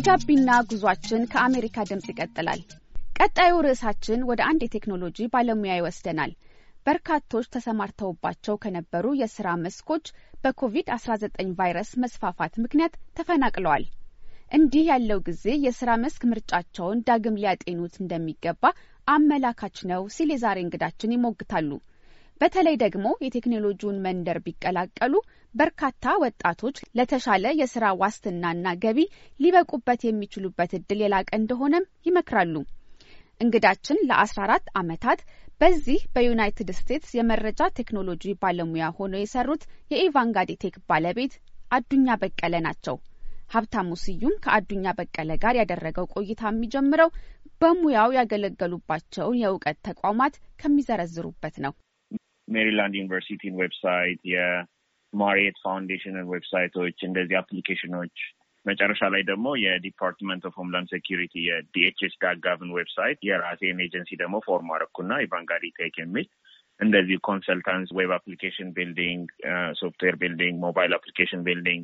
የጋቢና ጉዟችን ከአሜሪካ ድምፅ ይቀጥላል። ቀጣዩ ርዕሳችን ወደ አንድ የቴክኖሎጂ ባለሙያ ይወስደናል። በርካቶች ተሰማርተውባቸው ከነበሩ የስራ መስኮች በኮቪድ-19 ቫይረስ መስፋፋት ምክንያት ተፈናቅለዋል። እንዲህ ያለው ጊዜ የስራ መስክ ምርጫቸውን ዳግም ሊያጤኑት እንደሚገባ አመላካች ነው ሲል የዛሬ እንግዳችን ይሞግታሉ። በተለይ ደግሞ የቴክኖሎጂውን መንደር ቢቀላቀሉ በርካታ ወጣቶች ለተሻለ የስራ ዋስትናና ገቢ ሊበቁበት የሚችሉበት እድል የላቀ እንደሆነም ይመክራሉ። እንግዳችን ለ14 ዓመታት በዚህ በዩናይትድ ስቴትስ የመረጃ ቴክኖሎጂ ባለሙያ ሆነው የሰሩት የኢቫንጋዲ ቴክ ባለቤት አዱኛ በቀለ ናቸው። ሀብታሙ ስዩም ከአዱኛ በቀለ ጋር ያደረገው ቆይታ የሚጀምረው በሙያው ያገለገሉባቸውን የእውቀት ተቋማት ከሚዘረዝሩበት ነው። ሜሪላንድ ዩኒቨርሲቲን ዌብሳይት የማሪየት ፋውንዴሽንን ዌብሳይቶች፣ እንደዚህ አፕሊኬሽኖች መጨረሻ ላይ ደግሞ የዲፓርትመንት ኦፍ ሆምላንድ ሴኪሪቲ የዲኤችኤስ ዳጋቭን ዌብሳይት የራሴን ኤጀንሲ ደግሞ ፎርም አረኩና የቫንጋሪ ቴክ የሚል እንደዚህ ኮንሰልታንስ ዌብ አፕሊኬሽን ቢልዲንግ፣ ሶፍትዌር ቢልዲንግ፣ ሞባይል አፕሊኬሽን ቢልዲንግ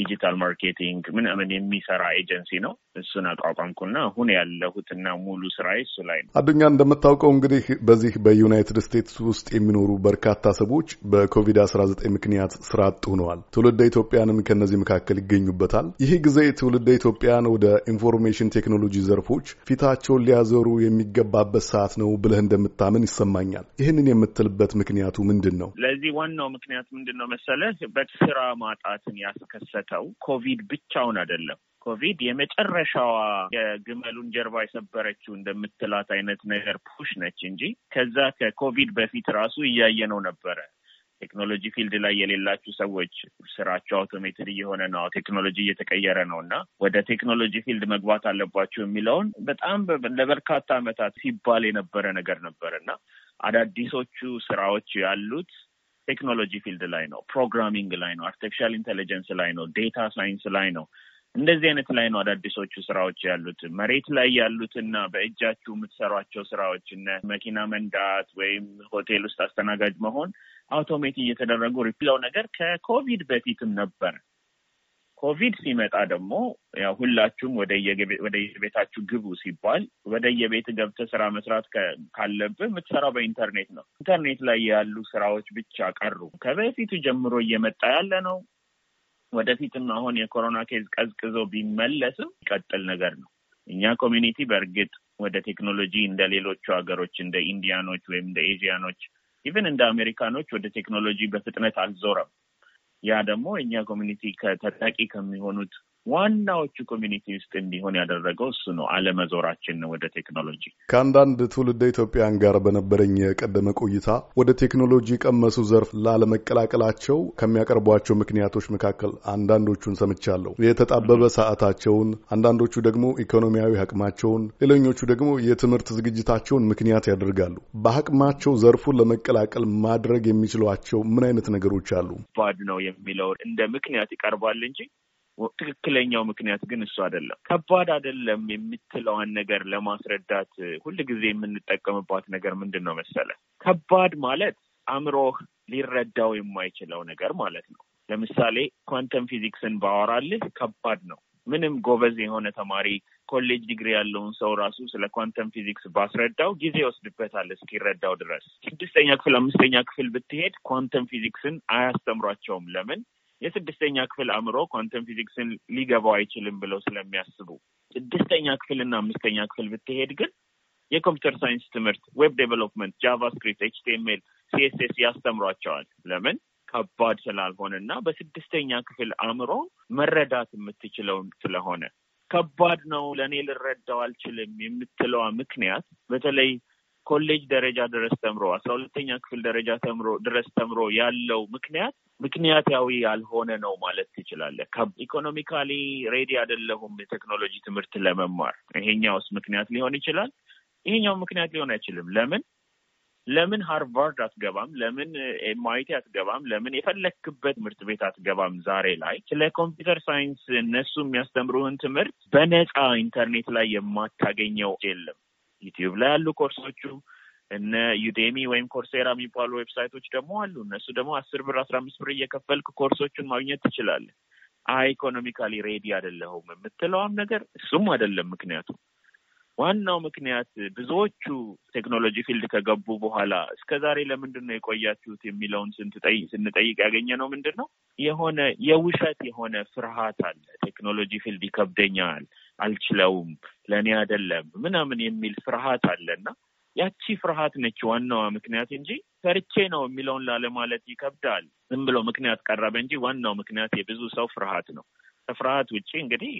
ዲጂታል ማርኬቲንግ ምናምን የሚሰራ ኤጀንሲ ነው። እሱን አቋቋምኩና አሁን ያለሁትና ሙሉ ስራ እሱ ላይ ነው። አዱኛ፣ እንደምታውቀው እንግዲህ በዚህ በዩናይትድ ስቴትስ ውስጥ የሚኖሩ በርካታ ሰዎች በኮቪድ አስራ ዘጠኝ ምክንያት ስራ አጥ ሆነዋል። ትውልደ ኢትዮጵያንም ከእነዚህ መካከል ይገኙበታል። ይህ ጊዜ ትውልደ ኢትዮጵያን ወደ ኢንፎርሜሽን ቴክኖሎጂ ዘርፎች ፊታቸውን ሊያዘሩ የሚገባበት ሰዓት ነው ብለህ እንደምታምን ይሰማኛል። ይህንን የምትልበት ምክንያቱ ምንድን ነው? ለዚህ ዋናው ምክንያት ምንድን ነው መሰለህ በስራ ማጣትን ያስከሰተ የተከሰተው ኮቪድ ብቻውን አይደለም። ኮቪድ የመጨረሻዋ የግመሉን ጀርባ የሰበረችው እንደምትላት አይነት ነገር ፑሽ ነች እንጂ ከዛ ከኮቪድ በፊት ራሱ እያየ ነው ነበረ። ቴክኖሎጂ ፊልድ ላይ የሌላችሁ ሰዎች ስራቸው አውቶሜትድ እየሆነ ነው፣ ቴክኖሎጂ እየተቀየረ ነው እና ወደ ቴክኖሎጂ ፊልድ መግባት አለባቸው የሚለውን በጣም ለበርካታ ዓመታት ሲባል የነበረ ነገር ነበር እና አዳዲሶቹ ስራዎች ያሉት ቴክኖሎጂ ፊልድ ላይ ነው፣ ፕሮግራሚንግ ላይ ነው፣ አርቲፊሻል ኢንቴሊጀንስ ላይ ነው፣ ዴታ ሳይንስ ላይ ነው። እንደዚህ አይነት ላይ ነው አዳዲሶቹ ስራዎች ያሉት። መሬት ላይ ያሉትና በእጃችሁ የምትሰሯቸው ስራዎች እነ መኪና መንዳት ወይም ሆቴል ውስጥ አስተናጋጅ መሆን አውቶሜት እየተደረጉ ሪፕለው ነገር ከኮቪድ በፊትም ነበር። ኮቪድ ሲመጣ ደግሞ ያው ሁላችሁም የቤታችሁ ግቡ ሲባል ወደየቤት ገብተ ስራ መስራት ካለብህ የምትሰራው በኢንተርኔት ነው። ኢንተርኔት ላይ ያሉ ስራዎች ብቻ ቀሩ። ከበፊቱ ጀምሮ እየመጣ ያለ ነው። ወደፊትም አሁን የኮሮና ኬዝ ቀዝቅዞ ቢመለስም ይቀጥል ነገር ነው። እኛ ኮሚኒቲ በእርግጥ ወደ ቴክኖሎጂ እንደ ሌሎቹ ሀገሮች እንደ ኢንዲያኖች ወይም እንደ ኤዥያኖች ኢቨን እንደ አሜሪካኖች ወደ ቴክኖሎጂ በፍጥነት አልዞረም። ያ ደግሞ እኛ ኮሚኒቲ ተጠቂ ከሚሆኑት ዋናዎቹ ኮሚኒቲ ውስጥ እንዲሆን ያደረገው እሱ ነው። አለመዞራችን ወደ ቴክኖሎጂ ከአንዳንድ ትውልደ ኢትዮጵያን ጋር በነበረኝ የቀደመ ቆይታ ወደ ቴክኖሎጂ ቀመሱ ዘርፍ ላለመቀላቀላቸው ከሚያቀርቧቸው ምክንያቶች መካከል አንዳንዶቹን ሰምቻለሁ። የተጣበበ ሰዓታቸውን፣ አንዳንዶቹ ደግሞ ኢኮኖሚያዊ አቅማቸውን፣ ሌሎኞቹ ደግሞ የትምህርት ዝግጅታቸውን ምክንያት ያደርጋሉ። በአቅማቸው ዘርፉን ለመቀላቀል ማድረግ የሚችሏቸው ምን አይነት ነገሮች አሉ? ባድ ነው የሚለው እንደ ምክንያት ይቀርባል እንጂ ትክክለኛው ምክንያት ግን እሱ አይደለም። ከባድ አይደለም የምትለዋን ነገር ለማስረዳት ሁል ጊዜ የምንጠቀምባት ነገር ምንድን ነው መሰለ? ከባድ ማለት አእምሮህ ሊረዳው የማይችለው ነገር ማለት ነው። ለምሳሌ ኳንተም ፊዚክስን ባወራልህ ከባድ ነው። ምንም ጎበዝ የሆነ ተማሪ ኮሌጅ ዲግሪ ያለውን ሰው ራሱ ስለ ኳንተም ፊዚክስ ባስረዳው ጊዜ ይወስድበታል እስኪረዳው ድረስ። ስድስተኛ ክፍል፣ አምስተኛ ክፍል ብትሄድ ኳንተም ፊዚክስን አያስተምሯቸውም። ለምን? የስድስተኛ ክፍል አእምሮ ኳንተም ፊዚክስን ሊገባው አይችልም ብለው ስለሚያስቡ ስድስተኛ ክፍልና አምስተኛ ክፍል ብትሄድ ግን የኮምፒውተር ሳይንስ ትምህርት፣ ዌብ ዴቨሎፕመንት፣ ጃቫስክሪፕት፣ ኤችቲኤምኤል፣ ሲኤስኤስ ያስተምሯቸዋል። ለምን ከባድ ስላልሆነ እና በስድስተኛ ክፍል አእምሮ መረዳት የምትችለው ስለሆነ ከባድ ነው ለእኔ ልረዳው አልችልም የምትለዋ ምክንያት በተለይ ኮሌጅ ደረጃ ድረስ ተምሮ አስራ ሁለተኛ ክፍል ደረጃ ተምሮ ድረስ ተምሮ ያለው ምክንያት ምክንያታዊ ያልሆነ ነው ማለት ትችላለህ። ኢኮኖሚካሊ ሬዲ አይደለሁም የቴክኖሎጂ ትምህርት ለመማር ይሄኛውስ ምክንያት ሊሆን ይችላል። ይሄኛው ምክንያት ሊሆን አይችልም። ለምን ለምን ሃርቫርድ አትገባም? ለምን ኤማይቲ አትገባም? ለምን የፈለክበት ትምህርት ቤት አትገባም? ዛሬ ላይ ስለ ኮምፒውተር ሳይንስ እነሱ የሚያስተምሩህን ትምህርት በነፃ ኢንተርኔት ላይ የማታገኘው የለም። ዩቲዩብ ላይ ያሉ ኮርሶቹ እነ ዩዴሚ ወይም ኮርሴራ የሚባሉ ዌብሳይቶች ደግሞ አሉ። እነሱ ደግሞ አስር ብር አስራ አምስት ብር እየከፈልክ ኮርሶቹን ማግኘት ትችላለህ። አይ ኢኮኖሚካሊ ሬዲ አይደለሁም የምትለውም ነገር እሱም አይደለም ምክንያቱ። ዋናው ምክንያት ብዙዎቹ ቴክኖሎጂ ፊልድ ከገቡ በኋላ እስከ ዛሬ ለምንድን ነው የቆያችሁት የሚለውን ስንጠይቅ ያገኘ ነው ምንድን ነው የሆነ የውሸት የሆነ ፍርሃት አለ። ቴክኖሎጂ ፊልድ ይከብደኛል፣ አልችለውም፣ ለእኔ አይደለም ምናምን የሚል ፍርሃት አለ እና ያቺ ፍርሃት ነች ዋናዋ ምክንያት እንጂ ፈርቼ ነው የሚለውን ላለማለት ይከብዳል። ዝም ብሎ ምክንያት ቀረበ እንጂ ዋናው ምክንያት የብዙ ሰው ፍርሃት ነው። ከፍርሃት ውጭ እንግዲህ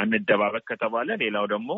አንደባበቅ ከተባለ ሌላው ደግሞ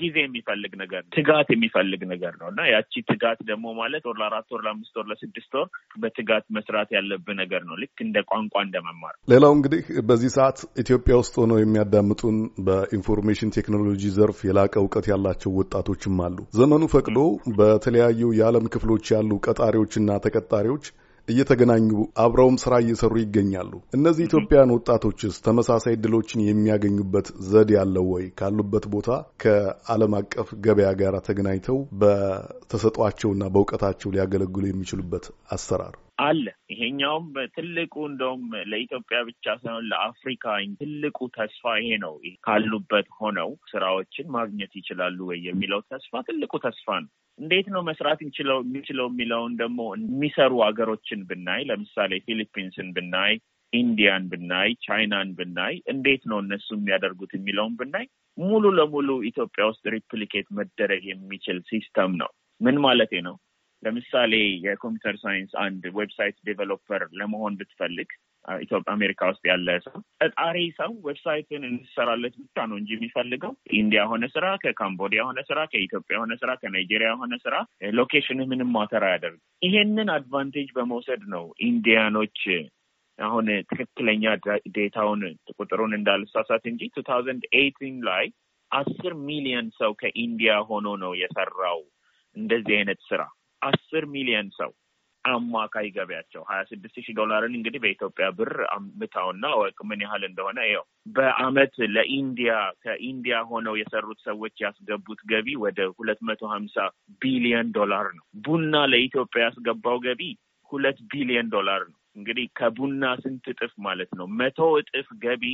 ጊዜ የሚፈልግ ነገር ትጋት የሚፈልግ ነገር ነው እና ያቺ ትጋት ደግሞ ማለት ወር ለአራት ወር ለአምስት ወር ለስድስት ወር በትጋት መስራት ያለብህ ነገር ነው። ልክ እንደ ቋንቋ እንደ መማር። ሌላው እንግዲህ በዚህ ሰዓት ኢትዮጵያ ውስጥ ሆነው የሚያዳምጡን በኢንፎርሜሽን ቴክኖሎጂ ዘርፍ የላቀ እውቀት ያላቸው ወጣቶችም አሉ። ዘመኑ ፈቅዶ በተለያዩ የዓለም ክፍሎች ያሉ ቀጣሪዎችና ተቀጣሪዎች እየተገናኙ አብረውም ስራ እየሰሩ ይገኛሉ። እነዚህ ኢትዮጵያውያን ወጣቶችስ ተመሳሳይ እድሎችን የሚያገኙበት ዘዴ ያለው ወይ? ካሉበት ቦታ ከዓለም አቀፍ ገበያ ጋር ተገናኝተው በተሰጧቸውና በእውቀታቸው ሊያገለግሉ የሚችሉበት አሰራር አለ። ይሄኛውም ትልቁ እንደውም ለኢትዮጵያ ብቻ ሳይሆን ለአፍሪካ ትልቁ ተስፋ ይሄ ነው። ካሉበት ሆነው ስራዎችን ማግኘት ይችላሉ ወይ የሚለው ተስፋ ትልቁ ተስፋ ነው። እንዴት ነው መስራት የሚችለው የሚለውን ደግሞ የሚሰሩ ሀገሮችን ብናይ ለምሳሌ ፊሊፒንስን ብናይ ኢንዲያን ብናይ ቻይናን ብናይ እንዴት ነው እነሱ የሚያደርጉት የሚለውን ብናይ ሙሉ ለሙሉ ኢትዮጵያ ውስጥ ሪፕሊኬት መደረግ የሚችል ሲስተም ነው። ምን ማለቴ ነው? ለምሳሌ የኮምፒውተር ሳይንስ አንድ ዌብሳይት ዴቨሎፐር ለመሆን ብትፈልግ ኢትዮጵያ አሜሪካ ውስጥ ያለ ሰው ጠጣሪ ሰው ዌብሳይትን እንሰራለት ብቻ ነው እንጂ የሚፈልገው ኢንዲያ የሆነ ስራ፣ ከካምቦዲያ የሆነ ስራ፣ ከኢትዮጵያ የሆነ ስራ፣ ከናይጄሪያ የሆነ ስራ ሎኬሽን ምንም ማተር አያደርግ። ይሄንን አድቫንቴጅ በመውሰድ ነው ኢንዲያኖች አሁን ትክክለኛ ዴታውን ቁጥሩን እንዳልሳሳት እንጂ ቱ ታውዘንድ ኤይቲን ላይ አስር ሚሊዮን ሰው ከኢንዲያ ሆኖ ነው የሰራው እንደዚህ አይነት ስራ አስር ሚሊዮን ሰው አማካይ ገቢያቸው ሀያ ስድስት ሺህ ዶላርን እንግዲህ በኢትዮጵያ ብር ምታውና ወቅ ምን ያህል እንደሆነ ይኸው በአመት ለኢንዲያ ከኢንዲያ ሆነው የሰሩት ሰዎች ያስገቡት ገቢ ወደ ሁለት መቶ ሀምሳ ቢሊዮን ዶላር ነው። ቡና ለኢትዮጵያ ያስገባው ገቢ ሁለት ቢሊዮን ዶላር ነው። እንግዲህ ከቡና ስንት እጥፍ ማለት ነው። መቶ እጥፍ ገቢ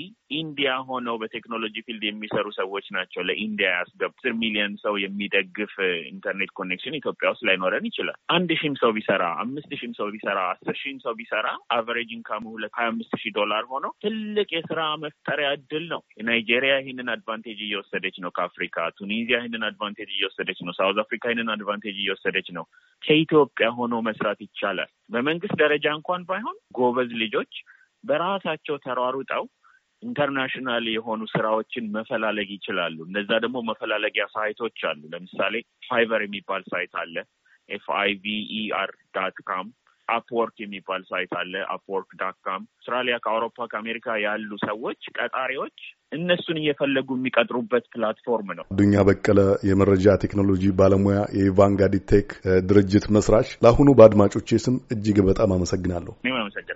ኢንዲያ ሆነው በቴክኖሎጂ ፊልድ የሚሰሩ ሰዎች ናቸው ለኢንዲያ ያስገቡ። አስር ሚሊዮን ሰው የሚደግፍ ኢንተርኔት ኮኔክሽን ኢትዮጵያ ውስጥ ላይኖረን ይችላል። አንድ ሺህም ሰው ቢሰራ፣ አምስት ሺህም ሰው ቢሰራ፣ አስር ሺህም ሰው ቢሰራ አቨሬጅ ኢንካሙ ሁለት ሀያ አምስት ሺህ ዶላር ሆኖ ትልቅ የስራ መፍጠሪያ እድል ነው። ናይጄሪያ ይህንን አድቫንቴጅ እየወሰደች ነው ከአፍሪካ። ቱኒዚያ ይህንን አድቫንቴጅ እየወሰደች ነው። ሳውዝ አፍሪካ ይህንን አድቫንቴጅ እየወሰደች ነው። ከኢትዮጵያ ሆኖ መስራት ይቻላል። በመንግስት ደረጃ እንኳን ባይሆን ሳይሆን ጎበዝ ልጆች በራሳቸው ተሯሩጠው ኢንተርናሽናል የሆኑ ስራዎችን መፈላለግ ይችላሉ። እነዛ ደግሞ መፈላለጊያ ሳይቶች አሉ። ለምሳሌ ፋይቨር የሚባል ሳይት አለ። ኤፍ አይ ቪ ኢ አር ዳት ካም አፕወርክ የሚባል ሳይት አለ። አፕወርክ ዳካም አውስትራሊያ ከአውሮፓ ከአሜሪካ ያሉ ሰዎች ቀጣሪዎች እነሱን እየፈለጉ የሚቀጥሩበት ፕላትፎርም ነው። ዱኛ በቀለ የመረጃ ቴክኖሎጂ ባለሙያ የቫንጋዲ ቴክ ድርጅት መስራች፣ ለአሁኑ በአድማጮቼ ስም እጅግ በጣም አመሰግናለሁ። እኔም አመሰግናለሁ።